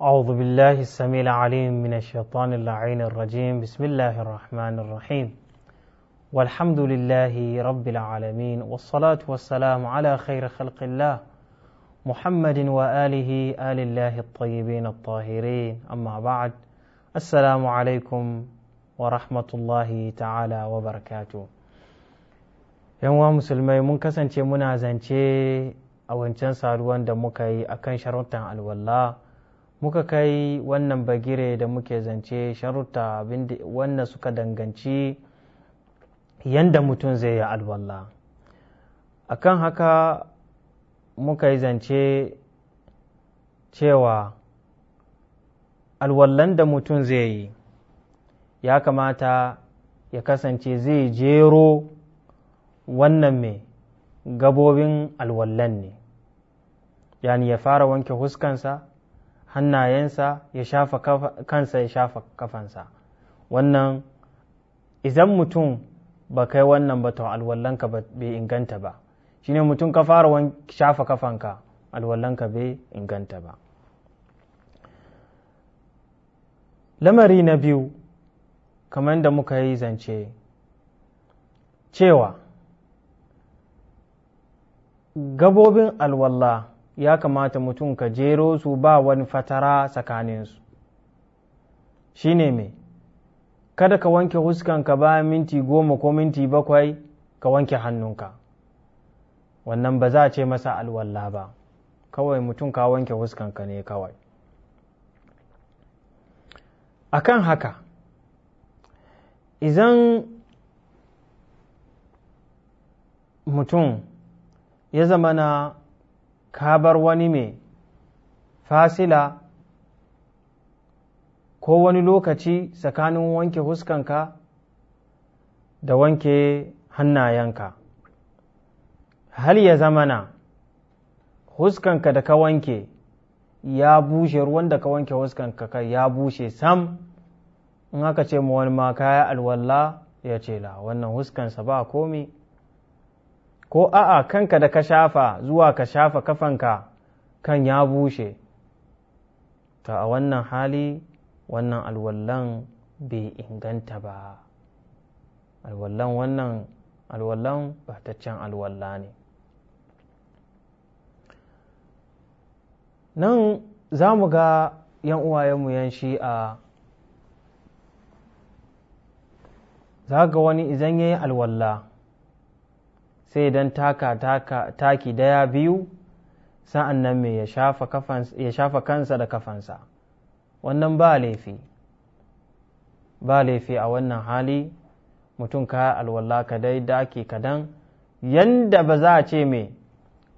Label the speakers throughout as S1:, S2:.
S1: أعوذ بالله السميع العليم من الشيطان اللعين الرجيم بسم الله الرحمن الرحيم والحمد لله رب العالمين والصلاة والسلام على خير خلق الله محمد وآله آل الله الطيبين الطاهرين أما بعد السلام عليكم ورحمة الله تعالى وبركاته يوم مسلمي من كسنتي منازنتي أو انتن سادوان دمكي أكن شرطا الوالله muka kai wannan bagire da muke zance sharuta wannan suka danganci yadda mutum zai yi alwalla akan haka muka yi zance cewa alwallan da mutum zai yi ya kamata ya kasance zai jero wannan mai gabobin alwallan ne yani ya fara wanke huskansa hannayensa ya shafa kansa ya shafa kafansa wannan idan mutum ba kai wannan ba to alwallanka bai inganta ba shine mutum ka fara shafa kafanka alwallanka bai inganta ba lamari na biyu kamar da muka yi zance cewa gabobin alwallah ya kamata mutum ka jero su ba wani fatara tsakaninsu shi ne mai kada ka wanke huskanka ba minti goma ko minti bakwai ka wanke hannunka wannan ba za ce masa alwallah ba kawai mutum ka wanke huskanka ne kawai A kan haka izan mutum ya zama na ka bar wani mai fasila ko wani lokaci tsakanin wanke huskanka da wanke hannayenka hal ya zamana huskanka da ka wanke ya bushe ruwan da ka wanke huskanka ka ya bushe sam in aka ce ma wani ma kaya alwalla ya ce la wannan huskansa ba komi ko a'a kanka da ka shafa zuwa ka shafa kafanka kan ya bushe ta a wannan hali wannan alwallon bai inganta ba alwallon wannan ta bataccen alwalla ne nan za mu ga yan uwayenmu yan shi'a za ga wani izan ya yi alwalla sai dan taka taki daya biyu sa'an nan mai ya shafa kansa da kafansa wannan ba laifi ba laifi a wannan hali mutum ka alwala ka dai daki kadan yanda ba za a ce mai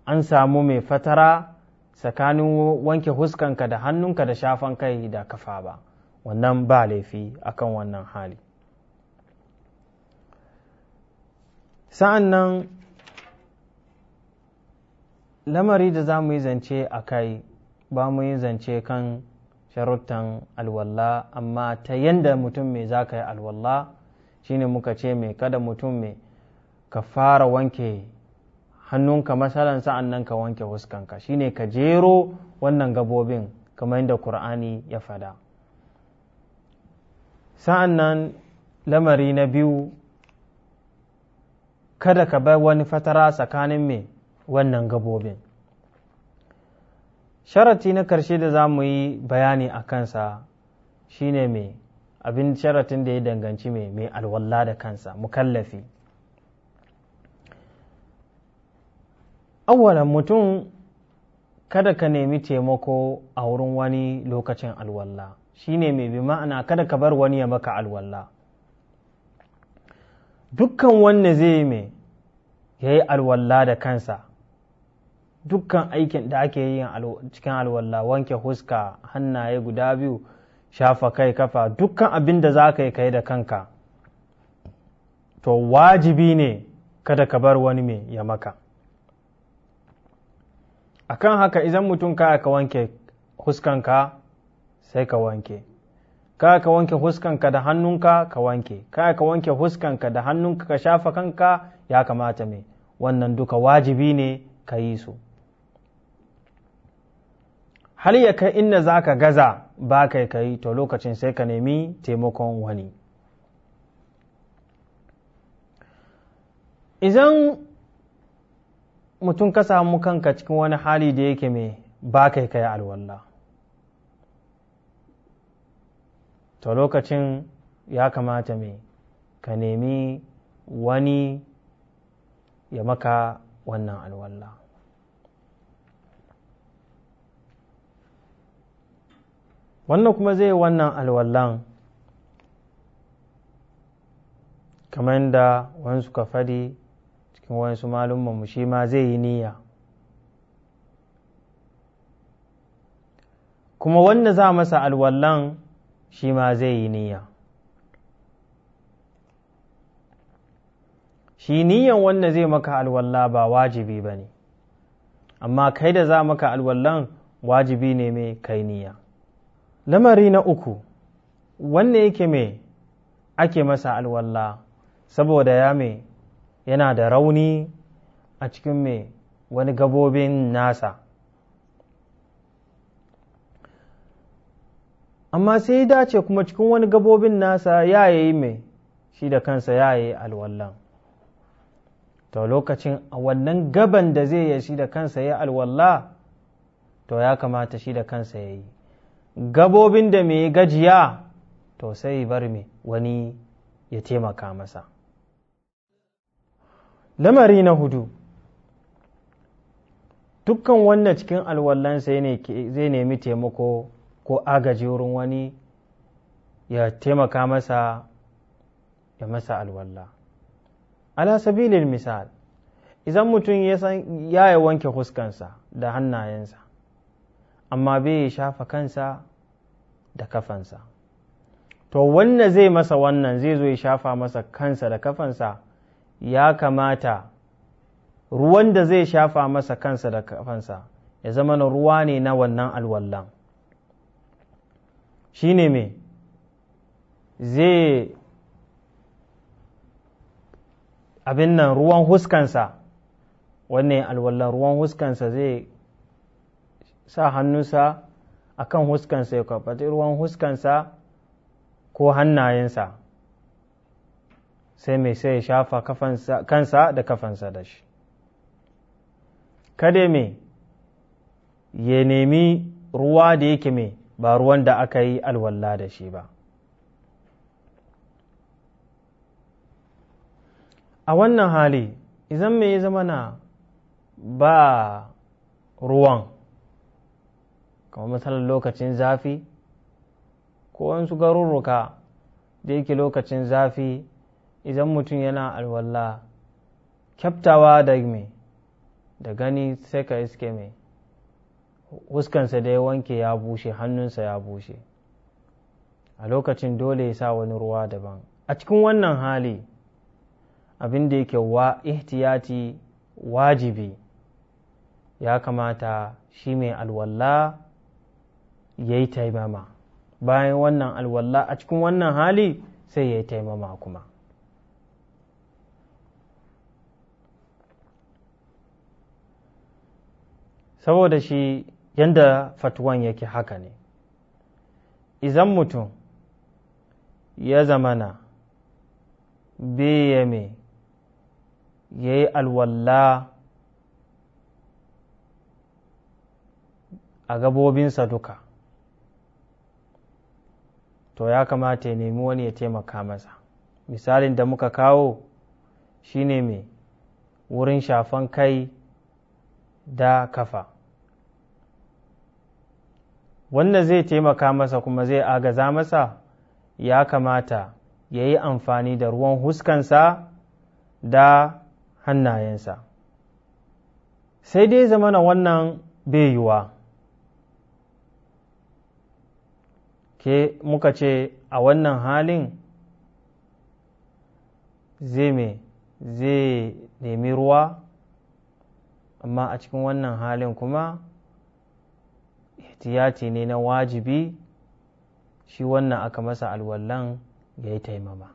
S1: an samu mai fatara tsakanin wanke huskanka da hannunka da shafan kai da kafa ba wannan ba laifi a kan wannan hali sa'an nan lamari da za mu yi zance a kai ba mu yi zance kan sharuttan alwallah amma ta yanda mutum mai za ka yi alwallah shine muka ce mai kada mutum mai ka fara wanke hannunka masalan sa'an nan ka wanke fuskanka shine ka jero wannan gabobin kamar yadda Kur'ani ya fada sa'an nan lamari na biyu kada ka bar wani fatara tsakanin mai wannan gabobin sharati na ƙarshe da za mu yi bayani a kansa shine mai abin sharatin da ya danganci mai mai alwalla da kansa mukallafi awwalan mutum kada ka nemi taimako a wurin wani lokacin alwalla shine mai bi ma'ana kada ka bar wani ya maka alwalla dukkan wanda zai yi mai ya yi alwalla da kansa dukkan aikin da ake yi cikin alwala wanke huska hannaye guda biyu shafa kai kafa dukkan abin da za ka yi kai da kanka to wajibi ne kada ka bar wani mai ya maka akan haka idan mutum kaya ka wanke huskanka sai ka wanke kaya ka wanke huskanka da hannunka ka wanke kaya ka wanke huskanka da hannunka ka shafa kanka ya kamata mai wannan duka wajibi ne ka yi su har ya kai inda za ka gaza ba kai kai to lokacin sai ka nemi taimakon wani idan mutum ka samu kanka cikin wani hali da yake mai ba kai kai alwallah to lokacin ya kamata mai ka nemi wani ya maka wannan alwallah wannan kuma zai wannan alwallan kamar yadda wani suka faɗi cikin wasu malummanmu shi ma zai yi niyya kuma wanda za masa alwallan shi ma zai yi niyya shi niyyan wanda zai maka alwalla ba wajibi ba ne amma kai da za maka alwallan wajibi ne mai kai niyya lamari na uku wanne yake mai ake masa alwalla saboda ya mai yana da rauni a cikin mai wani gabobin nasa amma sai ya dace kuma cikin wani gabobin nasa ya yi mai shi da kansa ya yi alwallan to lokacin a wannan gaban da zai yi shi da kansa ya alwalla to ya kamata shi da kansa ya yi gabobin da mai gajiya to sai bar me wani ya taimaka masa lamari na hudu dukkan wanda cikin alwallan sai zai nemi taimako ko agaji wurin wani ya taimaka masa ya masa alwalla ala sabilin misal idan mutum ya wanke huskansa da hannayensa amma bai ya shafa kansa da kafansa to wanda zai masa wannan zai zo ya shafa masa kansa da kafansa ya kamata ruwan da zai shafa masa kansa da kafansa ya zama na ruwa ne na wannan alwallan shi ne me zai abin nan ruwan huskansa wannan alwallan ruwan huskansa zai sa hannunsa a kan huskansa ya kwafata ruwan huskansa ko hannayensa sai mai sai ya shafa kansa da kafansa da shi kada mai ya nemi ruwa da yake mai ba ruwan da aka yi alwalla da shi ba a wannan hali izan mai ya zama na ba ruwan kamar misalin lokacin zafi ko wasu garurruka da yake lokacin zafi idan mutum yana alwalla kyaftawa da da gani sai ka iske mai huskansa da ya wanke ya bushe hannunsa ya bushe a lokacin dole ya sa wani ruwa daban a cikin wannan hali abin da yake wa ihtiyati wajibi ya kamata shi mai alwala ya yi taimama bayan wannan alwalla a cikin wannan hali sai ya yi taimama kuma saboda shi yadda fatuwan yake haka ne izan mutum ya zamana ya mai ya yi alwalla a gabobinsa duka to ya kamata ya nemi wani ya taimaka masa misalin da muka kawo shine mai wurin shafan kai da kafa wanda zai taimaka masa kuma zai agaza masa ya kamata ya yi amfani da ruwan huskansa da hannayensa sai dai zamana wannan bai ke muka ce a wannan halin zai me zai nemi ruwa amma a cikin wannan halin kuma ihtiyati ne na wajibi shi wannan aka masa alwallan ya yi taimama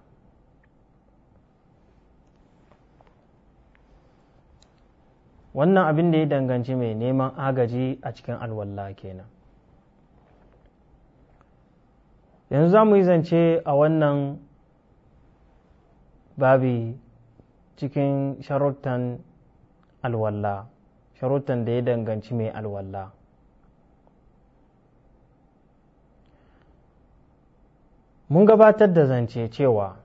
S1: wannan abin da ya danganci mai neman agaji a cikin alwalla kenan yanzu za mu yi zance a wannan babi cikin sharuttan alwalla sharuttan da ya danganci mai alwalla mun gabatar da zance cewa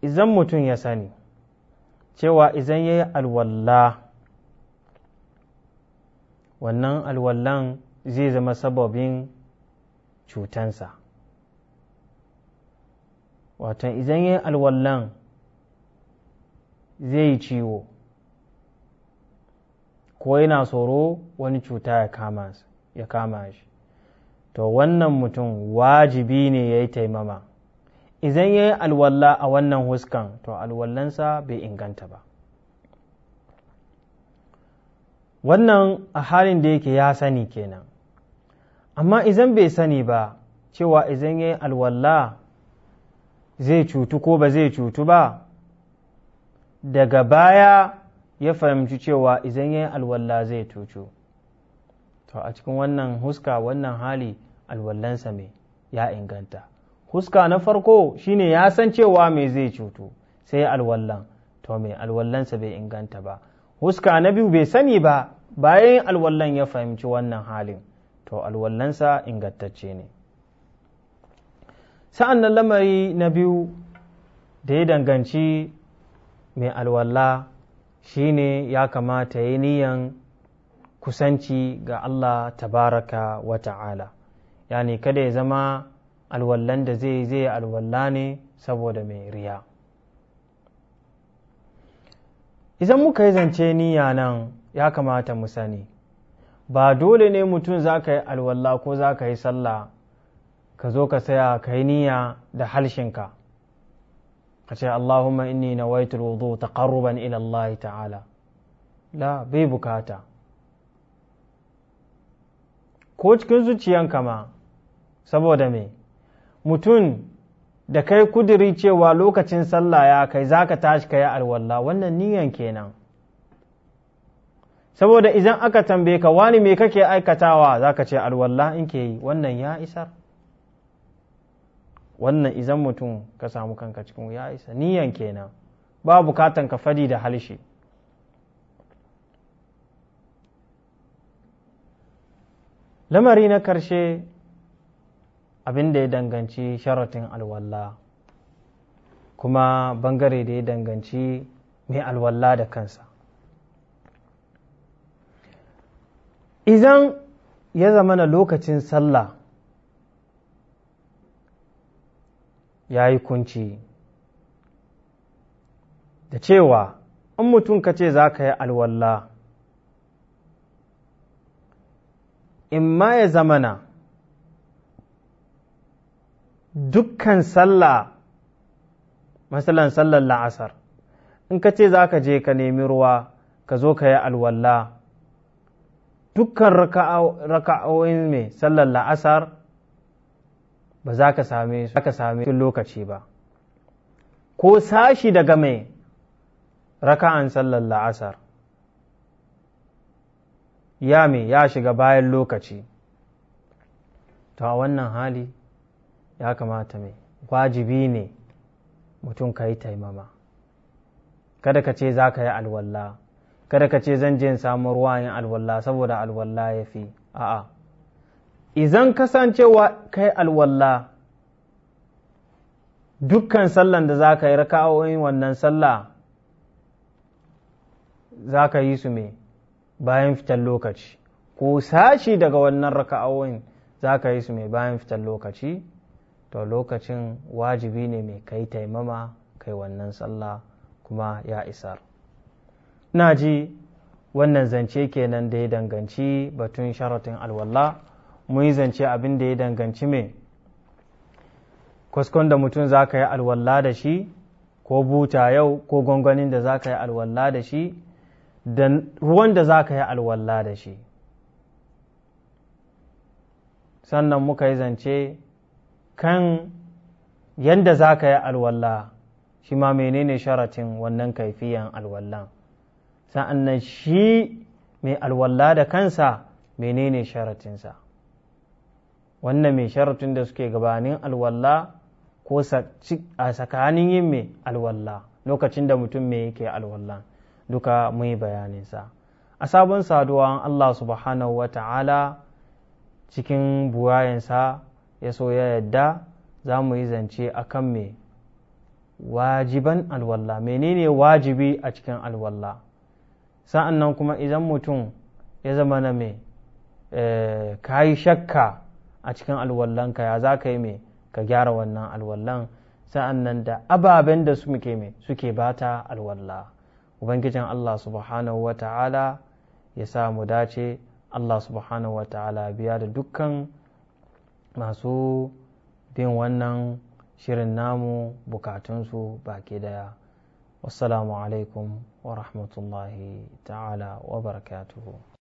S1: izan mutum ya sani cewa izan ya yi alwalla wannan alwallan zai zama sababin cutansa watan idan alwallan zai yi ciwo ko yana tsoro wani cuta ya kama shi to wannan mutum wajibi ne ya yi taimama idan ya yi alwalla a wannan huskan to alwallansa bai inganta ba wannan a halin da yake ya sani kenan amma idan bai sani ba cewa idan ya yi alwalla zai cutu ko ba zai cutu ba daga baya ya fahimci cewa izan yin alwalla zai cutu to a cikin wannan huska wannan hali alwallansa mai ya inganta huska na farko shine ya san cewa mai zai cutu sai alwallan to mai alwallansa bai inganta ba huska na biyu bai sani ba bayan alwallan ya fahimci wannan halin to alwallansa ingantacce ne sa'an nan lamari na biyu da ya danganci mai alwala ne ya kamata ya niyan kusanci ga Allah tabaraka wa ta'ala yani kada ya zama alwallan da zai zai alwalla ne saboda mai riya idan muka yi zance niyya nan ya kamata mu sani ba dole ne mutum za ka yi alwalla ko za ka yi sallah ka zo ka saya ka yi niyya da halshinka ka ce Allahumma inni nawaitul wudu taqarruban ila Allah ta'ala la bai bukata ko cikin zuciyanka ma saboda me mutum da kai kudiri cewa lokacin sallah ya kai za ka tashi ka yi alwallah wannan niyan kenan saboda idan aka tambaye ka wani me kake aikatawa za ka ce alwallah in ke yi wannan ya isar wannan izan mutum ka samu kanka cikin ya isa niyan kenan ba bukatan ka fadi da halshe lamari na karshe abin da ya danganci sharatin alwalla kuma bangare da ya danganci mai alwalla da kansa izan ya zama na lokacin sallah ya yi kunci da cewa in mutum ka ce za ka yi alwalla in ma ya zamana dukkan sallah masalan sallar la'asar in ka ce za ka je ka nemi ruwa ka zo ka yi alwalla dukkan raka'o'in mai sallar la'asar ba za ka same su ka same cikin lokaci ba ko sashi daga mai raka'an sallar la'asar ya me ya shiga bayan lokaci to a wannan hali ya kamata mai wajibi ne mutum ka yi taimama kada ka ce za ka yi alwallah kada ka ce zan je samun ruwa yin alwallah saboda alwallah ya fi a'a izan kasancewa kai alwalla dukkan sallan da za ka yi raka'o'in wannan sallah za ka yi su me bayan fitar lokaci ko sashi daga wannan raka'o'in za ka yi su me bayan fitar lokaci to lokacin wajibi ne mai kai taimama kai wannan sallah kuma ya isar na ji wannan zance kenan da ya danganci batun sharatin alwallah mun yi zance abin da ya danganci mai kuskon da mutum za ka yi alwallah da shi ko buta yau ko gwangwanin da za ka yi alwallah da shi da ruwan da za ka yi alwallah da shi sannan muka yi zance kan yadda za ka yi alwallah shi ma menene sharatin wannan kaifiyan alwallan sa'an nan shi mai alwalla da kansa menene sharatinsa wannan mai sharatun da suke gabanin alwalla ko a tsakanin yin mai alwalla lokacin da mutum mai yake alwalla duka mu yi bayaninsa a sabon saduwa Allah subhanahu wa ta'ala cikin buwayensa ya so ya yadda za mu yi zance a kan mai wajiban alwalla menene wajibi a cikin alwalla sa'an nan kuma idan mutum ya zama na mai eh, kayi shakka a cikin alwallanka ya za ka yi mai ka gyara wannan alwallan sa'an nan da ababen da su suke mai suke bata alwalla ubangijin allah subhanahu wa ta'ala ya sa mu dace allah subhanahu wa ta'ala biya da dukkan masu bin wannan shirin namu bukatunsu baki daya wassalamu alaikum wa rahmatullahi ta'ala wa barakatuhu